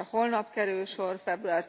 holnap kerül sor február.